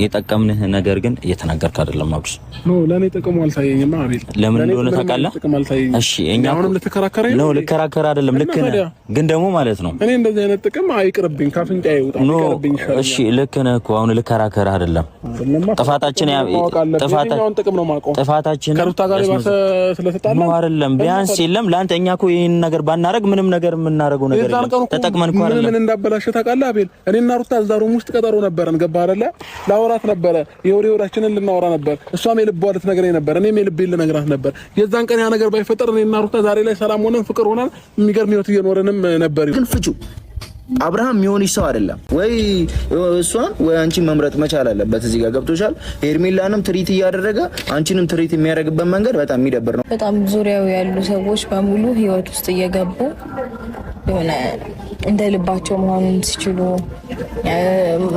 የጠቀምንህ ነገር ግን እየተናገርክ አይደለም። አብርሽ ኖ ለኔ ጥቅሙ አልታየኝም። አቤል ለምን እንደሆነ ታውቃለህ? እሺ እኛ አሁንም ልትከራከረኝ ነው። ልከራከር አይደለም። ልክ ነህ፣ ግን ደግሞ ማለት ነው እኔ እንደዚህ አይነት ጥቅም አይቅርብኝ፣ ካፍንጫ ይውጣ፣ አይቅርብኝ። እሺ ልክ ነህ እኮ አሁን ልከራከር አይደለም። ጥፋታችን ያ ጥፋታችን ጥቅም ነው ማቆም ጥፋታችን ከሩታ ጋር ባሰ ስለተጣላ ነው አይደለም። ቢያንስ የለም ለአንተ እኛ እኮ ይሄን ነገር ባናረግ ምንም ነገር የምናረገው ነገር የለም። ተጠቅመን እኮ አይደለም። ምን እንዳበላሽ ታውቃለህ አቤል። እኔና ሩታ እዛ ሩም ውስጥ ቀጠሮ ነበረን። ገባህ አይደለ ላወራት ነበረ። የወሬ ወሬያችንን ልናወራ ነበር። እሷም የልቧ ልትነግረኝ ነበር፣ እኔም የልቤን ልነግራት ነበር። የዛን ቀን ያ ነገር ባይፈጠር እኔና ሩታ ዛሬ ላይ ሰላም ሆነን ፍቅር ሆነን የሚገርም ህይወት እየኖረንም ነበር ግን ፍጩ አብርሃም የሚሆንሽ ሰው አይደለም። ወይ እሷን ወይ አንቺን መምረጥ መቻል አለበት። እዚህ ጋር ገብቶሻል። ሄርሜላንም ትሪት እያደረገ አንቺንም ትሪት የሚያደርግበት መንገድ በጣም የሚደብር ነው። በጣም ዙሪያው ያሉ ሰዎች በሙሉ ህይወት ውስጥ እየገቡ የሆነ እንደ ልባቸው መሆኑን ሲችሉ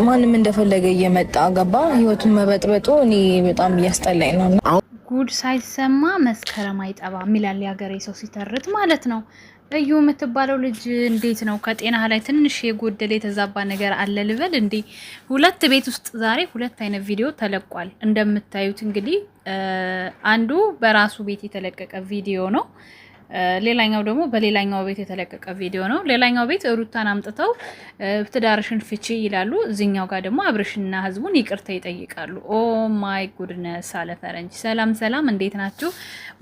ማንም እንደፈለገ እየመጣ ገባ ህይወቱን መበጥበጡ እኔ በጣም እያስጠላኝ ነው። ጉድ ሳይሰማ መስከረም አይጠባም ይላል የሀገሬ ሰው ሲተርት ማለት ነው። እዩ የምትባለው ልጅ እንዴት ነው? ከጤና ላይ ትንሽ የጎደለ የተዛባ ነገር አለ ልበል እንዴ? ሁለት ቤት ውስጥ ዛሬ ሁለት አይነት ቪዲዮ ተለቋል። እንደምታዩት እንግዲህ አንዱ በራሱ ቤት የተለቀቀ ቪዲዮ ነው። ሌላኛው ደግሞ በሌላኛው ቤት የተለቀቀ ቪዲዮ ነው። ሌላኛው ቤት ሩታን አምጥተው ትዳርሽን ፍቺ ይላሉ። እዚኛው ጋር ደግሞ አብርሽና ህዝቡን ይቅርታ ይጠይቃሉ። ኦ ማይ ጉድነስ አለ ፈረንጅ። ሰላም ሰላም፣ እንዴት ናችሁ?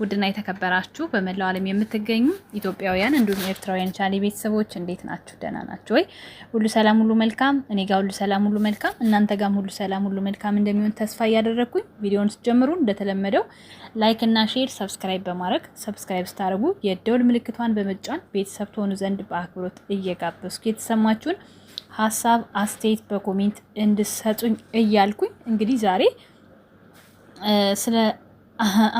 ውድና የተከበራችሁ በመላው ዓለም የምትገኙ ኢትዮጵያውያን እንዲሁም ኤርትራውያን ቻሌ ቤተሰቦች እንዴት ናችሁ? ደህና ናችሁ ወይ? ሁሉ ሰላም፣ ሁሉ መልካም። እኔ ጋር ሁሉ ሰላም፣ ሁሉ መልካም። እናንተ ጋም ሁሉ ሰላም፣ ሁሉ መልካም እንደሚሆን ተስፋ እያደረግኩኝ ቪዲዮን ስትጀምሩ እንደተለመደው ላይክ እና ሼር፣ ሰብስክራይብ በማድረግ ሰብስክራይብ ስታደርጉ የደውል ምልክቷን በመጫን ቤተሰብ ትሆኑ ዘንድ በአክብሮት እየጋበዝኩ የተሰማችሁን ሀሳብ አስተያየት በኮሜንት እንድሰጡኝ እያልኩኝ እንግዲህ ዛሬ ስለ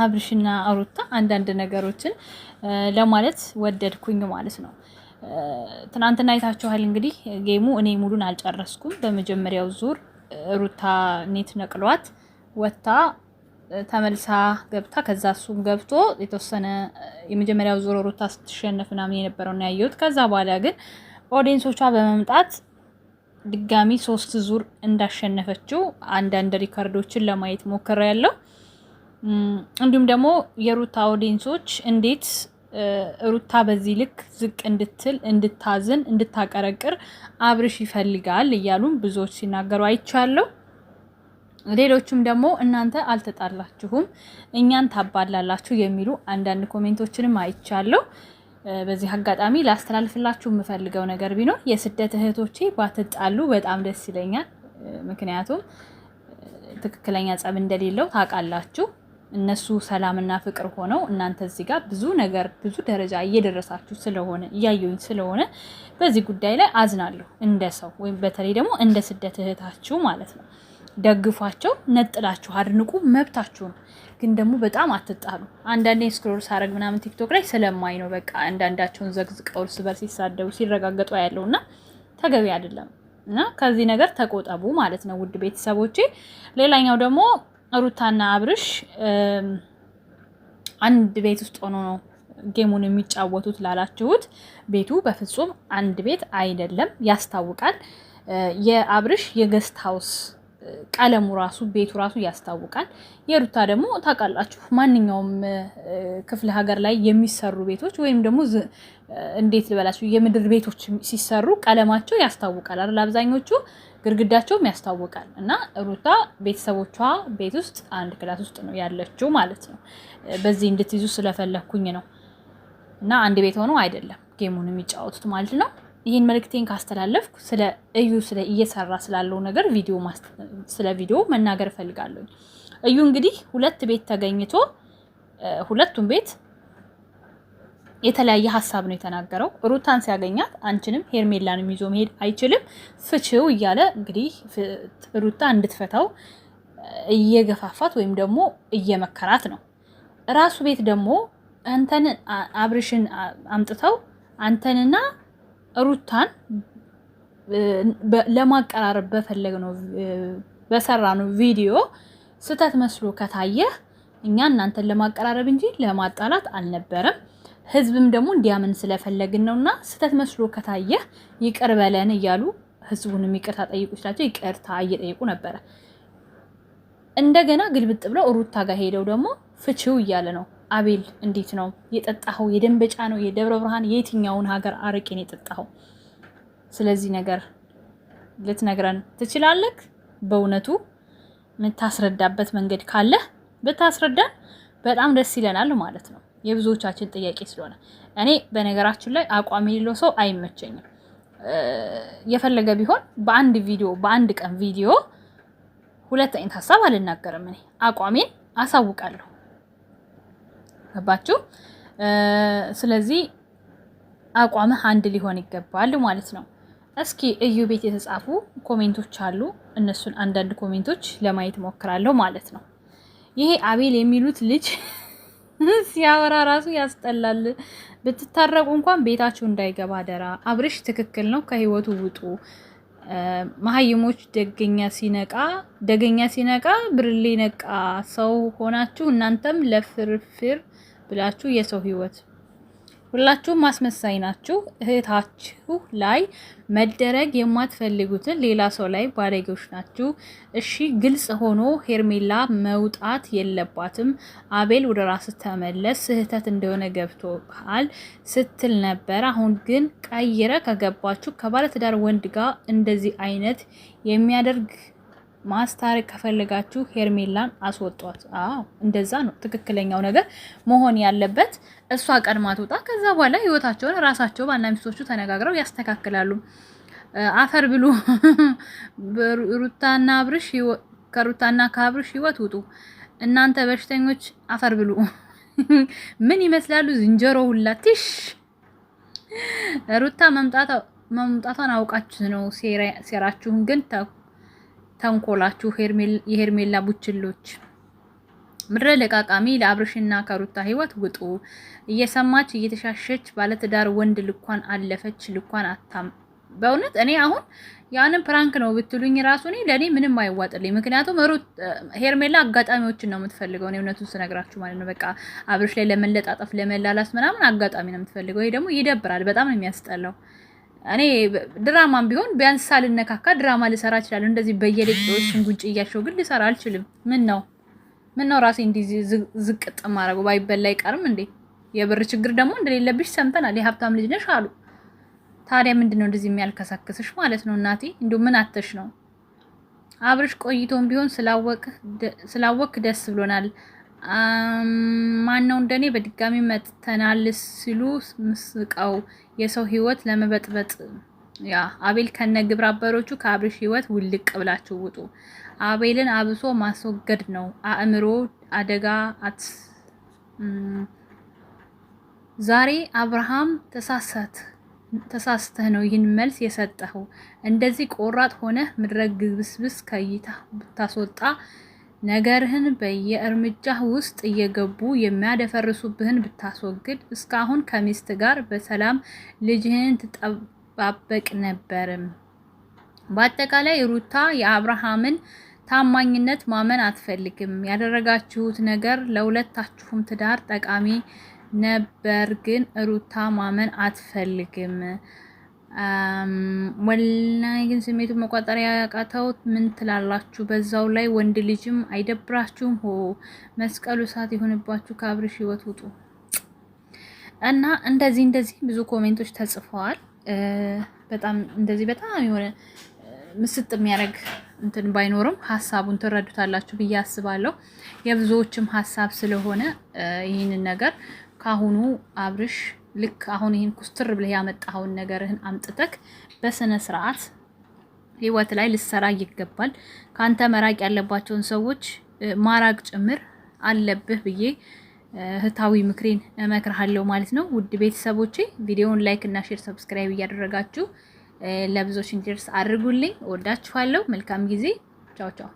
አብርሽና ሩታ አንዳንድ ነገሮችን ለማለት ወደድኩኝ ማለት ነው። ትናንትና አይታችኋል እንግዲህ ጌሙ። እኔ ሙሉን አልጨረስኩም። በመጀመሪያው ዙር ሩታ ኔት ነቅሏት ወታ ተመልሳ ገብታ ከዛ እሱም ገብቶ የተወሰነ የመጀመሪያው ዙር ሩታ ስትሸነፍ ምናምን የነበረውን ያየሁት። ከዛ በኋላ ግን ኦዲየንሶቿ በመምጣት ድጋሚ ሶስት ዙር እንዳሸነፈችው አንዳንድ ሪከርዶችን ለማየት ያለው እንዲሁም ደግሞ የሩታ ኦዲየንሶች እንዴት ሩታ በዚህ ልክ ዝቅ እንድትል፣ እንድታዝን፣ እንድታቀረቅር አብርሽ ይፈልጋል እያሉም ብዙዎች ሲናገሩ አይቻለሁ። ሌሎቹም ደግሞ እናንተ አልተጣላችሁም እኛን ታባላላችሁ የሚሉ አንዳንድ ኮሜንቶችንም አይቻለሁ። በዚህ አጋጣሚ ላስተላልፍላችሁ የምፈልገው ነገር ቢኖር የስደት እህቶቼ ባትጣሉ በጣም ደስ ይለኛል። ምክንያቱም ትክክለኛ ጸብ እንደሌለው ታውቃላችሁ። እነሱ ሰላምና ፍቅር ሆነው እናንተ እዚህ ጋር ብዙ ነገር ብዙ ደረጃ እየደረሳችሁ ስለሆነ እያየኝ ስለሆነ በዚህ ጉዳይ ላይ አዝናለሁ እንደ ሰው ወይም በተለይ ደግሞ እንደ ስደት እህታችሁ ማለት ነው። ደግፏቸው፣ ነጥላችሁ አድንቁ፣ መብታችሁ ነው። ግን ደግሞ በጣም አትጣሉ። አንዳንዴ ስክሮል ሳረግ ምናምን ቲክቶክ ላይ ስለማይ ነው በቃ አንዳንዳቸውን ዘግዝቀው እርስ በርስ ሲሳደቡ ሲረጋገጡ ያለው እና ተገቢ አይደለም እና ከዚህ ነገር ተቆጠቡ ማለት ነው ውድ ቤተሰቦቼ። ሌላኛው ደግሞ ሩታና አብርሽ አንድ ቤት ውስጥ ሆኖ ነው ጌሙን የሚጫወቱት ላላችሁት፣ ቤቱ በፍጹም አንድ ቤት አይደለም፣ ያስታውቃል። የአብርሽ የገስት ሀውስ ቀለሙ ራሱ ቤቱ ራሱ ያስታውቃል። የሩታ ደግሞ ታውቃላችሁ፣ ማንኛውም ክፍለ ሀገር ላይ የሚሰሩ ቤቶች ወይም ደግሞ እንዴት ልበላችሁ የምድር ቤቶች ሲሰሩ ቀለማቸው ያስታውቃል አይደል? አብዛኞቹ ግድግዳቸውም ያስታውቃል። እና ሩታ ቤተሰቦቿ ቤት ውስጥ አንድ ክላስ ውስጥ ነው ያለችው ማለት ነው። በዚህ እንድትይዙ ስለፈለግኩኝ ነው። እና አንድ ቤት ሆነው አይደለም ጌሙን የሚጫወቱት ማለት ነው። ይህን መልእክቴን ካስተላለፍኩ ስለ እዩ ስለ እየሰራ ስላለው ነገር ቪዲዮ ስለ ቪዲዮ መናገር እፈልጋለሁ። እዩ እንግዲህ ሁለት ቤት ተገኝቶ ሁለቱም ቤት የተለያየ ሀሳብ ነው የተናገረው። ሩታን ሲያገኛት አንቺንም ሄርሜላንም ይዞ መሄድ አይችልም ፍቺው እያለ እንግዲህ ሩታ እንድትፈታው እየገፋፋት ወይም ደግሞ እየመከራት ነው። እራሱ ቤት ደግሞ አንተን አብርሽን አምጥተው አንተንና ሩታን ለማቀራረብ በፈለግ ነው በሰራ ነው ቪዲዮ ስህተት መስሎ ከታየህ እኛ እናንተን ለማቀራረብ እንጂ ለማጣላት አልነበረም። ህዝብም ደግሞ እንዲያምን ስለፈለግን ነው እና ስህተት መስሎ ከታየ ይቅር በለን እያሉ ህዝቡንም ይቅርታ ጠይቁ ስላቸው ይቅርታ እየጠየቁ ነበረ። እንደገና ግልብጥ ብለው ሩታ ጋር ሄደው ደግሞ ፍቺው እያለ ነው አቤል እንዴት ነው የጠጣኸው? የደንበጫ ነው የደብረ ብርሃን የየትኛውን ሀገር አረቄን የጠጣኸው? ስለዚህ ነገር ልትነግረን ትችላለህ? በእውነቱ የምታስረዳበት መንገድ ካለህ ብታስረዳን በጣም ደስ ይለናል ማለት ነው። የብዙዎቻችን ጥያቄ ስለሆነ እኔ በነገራችን ላይ አቋም የሌለው ሰው አይመቸኝም። የፈለገ ቢሆን በአንድ ቪዲዮ በአንድ ቀን ቪዲዮ ሁለት አይነት ሀሳብ አልናገርም። እኔ አቋሜን አሳውቃለሁ። ገባችሁ? ስለዚህ አቋምህ አንድ ሊሆን ይገባል ማለት ነው። እስኪ እዩ ቤት የተጻፉ ኮሜንቶች አሉ። እነሱን አንዳንድ ኮሜንቶች ለማየት ሞክራለሁ ማለት ነው። ይሄ አቤል የሚሉት ልጅ ሲያወራ ራሱ ያስጠላል። ብትታረቁ እንኳን ቤታችሁ እንዳይገባ አደራ። አብርሽ ትክክል ነው፣ ከህይወቱ ውጡ። መሀይሞች ደገኛ ሲነቃ ደገኛ ሲነቃ ብርሌ ነቃ ሰው ሆናችሁ እናንተም ለፍርፍር ብላችሁ የሰው ህይወት ሁላችሁም ማስመሳይ ናችሁ። እህታችሁ ላይ መደረግ የማትፈልጉትን ሌላ ሰው ላይ ባለጌዎች ናችሁ። እሺ፣ ግልጽ ሆኖ ሄርሜላ መውጣት የለባትም። አቤል ወደ ራስ ተመለስ፣ ስህተት እንደሆነ ገብቶሃል ስትል ነበር። አሁን ግን ቀይረ ከገባችሁ ከባለትዳር ወንድ ጋር እንደዚህ አይነት የሚያደርግ ማስታረቅ ከፈለጋችሁ ሄርሜላን አስወጧት። አዎ እንደዛ ነው ትክክለኛው ነገር መሆን ያለበት። እሷ ቀድማ ትውጣ። ከዛ በኋላ ህይወታቸውን ራሳቸው ባና ሚስቶቹ ተነጋግረው ያስተካክላሉ። አፈር ብሉ። ሩታና አብርሽ ከሩታና ከአብርሽ ህይወት ውጡ። እናንተ በሽተኞች አፈር ብሉ። ምን ይመስላሉ? ዝንጀሮ ሁላትሽ ሩታ መምጣቷን አውቃችሁ ነው። ሴራችሁን ግን ተንኮላችሁ የሄርሜላ ቡችሎች ምድረ ለቃቃሚ ለአብርሽና ከሩታ ህይወት ውጡ። እየሰማች እየተሻሸች ባለትዳር ወንድ ልኳን አለፈች፣ ልኳን አታም። በእውነት እኔ አሁን ያንን ፕራንክ ነው ብትሉኝ ራሱ እኔ ለእኔ ምንም አይዋጥልኝ። ምክንያቱም ሄርሜላ አጋጣሚዎችን ነው የምትፈልገው። እኔ እውነቱን ስነግራችሁ ማለት ነው። በቃ አብርሽ ላይ ለመለጣጠፍ ለመላላስ ምናምን አጋጣሚ ነው የምትፈልገው። ይሄ ደግሞ ይደብራል፣ በጣም ነው የሚያስጠላው። እኔ ድራማም ቢሆን ቢያንስ ሳልነካካ ድራማ ልሰራ እችላለሁ። እንደዚህ በየደቂቃዎች ሽንጉጭ እያሸው ግን ልሰራ አልችልም። ምን ነው ምን ነው ራሴ እንዲህ ዝቅጥ ማድረጉ ባይበላ አይቀርም እንዴ? የብር ችግር ደግሞ እንደሌለብሽ ሰምተናል። የሀብታም ልጅ ነሽ አሉ። ታዲያ ምንድን ነው እንደዚህ የሚያልከሰክስሽ ማለት ነው? እናቴ እንዲሁ ምን አተሽ ነው? አብርሽ ቆይቶም ቢሆን ስላወቅ ደስ ብሎናል። ማነው እንደኔ በድጋሚ መጥተናል ሲሉ ምስቀው የሰው ህይወት ለመበጥበጥ ያ አቤል ከነ ግብረ አበሮቹ ከአብርሽ ህይወት ውልቅ ብላችሁ ውጡ። አቤልን አብሶ ማስወገድ ነው አእምሮ አደጋ አት ዛሬ አብርሃም ተሳሳት ተሳስተህ ነው ይህን መልስ የሰጠኸው። እንደዚህ ቆራጥ ሆነህ ምድረ ግብስብስ ከይታ ብታስወጣ ነገርህን በየእርምጃህ ውስጥ እየገቡ የሚያደፈርሱብህን ብታስወግድ እስካሁን ከሚስት ጋር በሰላም ልጅህን ትጠባበቅ ነበርም። በአጠቃላይ ሩታ የአብርሃምን ታማኝነት ማመን አትፈልግም። ያደረጋችሁት ነገር ለሁለታችሁም ትዳር ጠቃሚ ነበር፣ ግን ሩታ ማመን አትፈልግም። ወላሂ ግን ስሜቱን መቋጠሪያ ያቃተው ምን ትላላችሁ? በዛው ላይ ወንድ ልጅም አይደብራችሁም? ሆ መስቀሉ እሳት የሆንባችሁ ከአብርሽ ህይወት ውጡ እና እንደዚህ እንደዚህ ብዙ ኮሜንቶች ተጽፈዋል። በጣም እንደዚህ በጣም የሆነ ምስጥ የሚያደርግ እንትን ባይኖርም ሀሳቡን ትረዱታላችሁ ብዬ አስባለሁ። የብዙዎችም ሀሳብ ስለሆነ ይህንን ነገር ካሁኑ አብርሽ ልክ አሁን ይህን ኩስትር ብለህ ያመጣኸውን ነገርህን አምጥተክ በስነ ስርዓት ህይወት ላይ ልሰራ ይገባል። ከአንተ መራቅ ያለባቸውን ሰዎች ማራቅ ጭምር አለብህ ብዬ እህታዊ ምክሬን እመክርሃለሁ ማለት ነው። ውድ ቤተሰቦቼ ቪዲዮውን ላይክ እና ሼር፣ ሰብስክራይብ እያደረጋችሁ ለብዙዎች እንዲደርስ አድርጉልኝ። ወዳችኋለሁ መልካም ጊዜ። ቻው ቻው።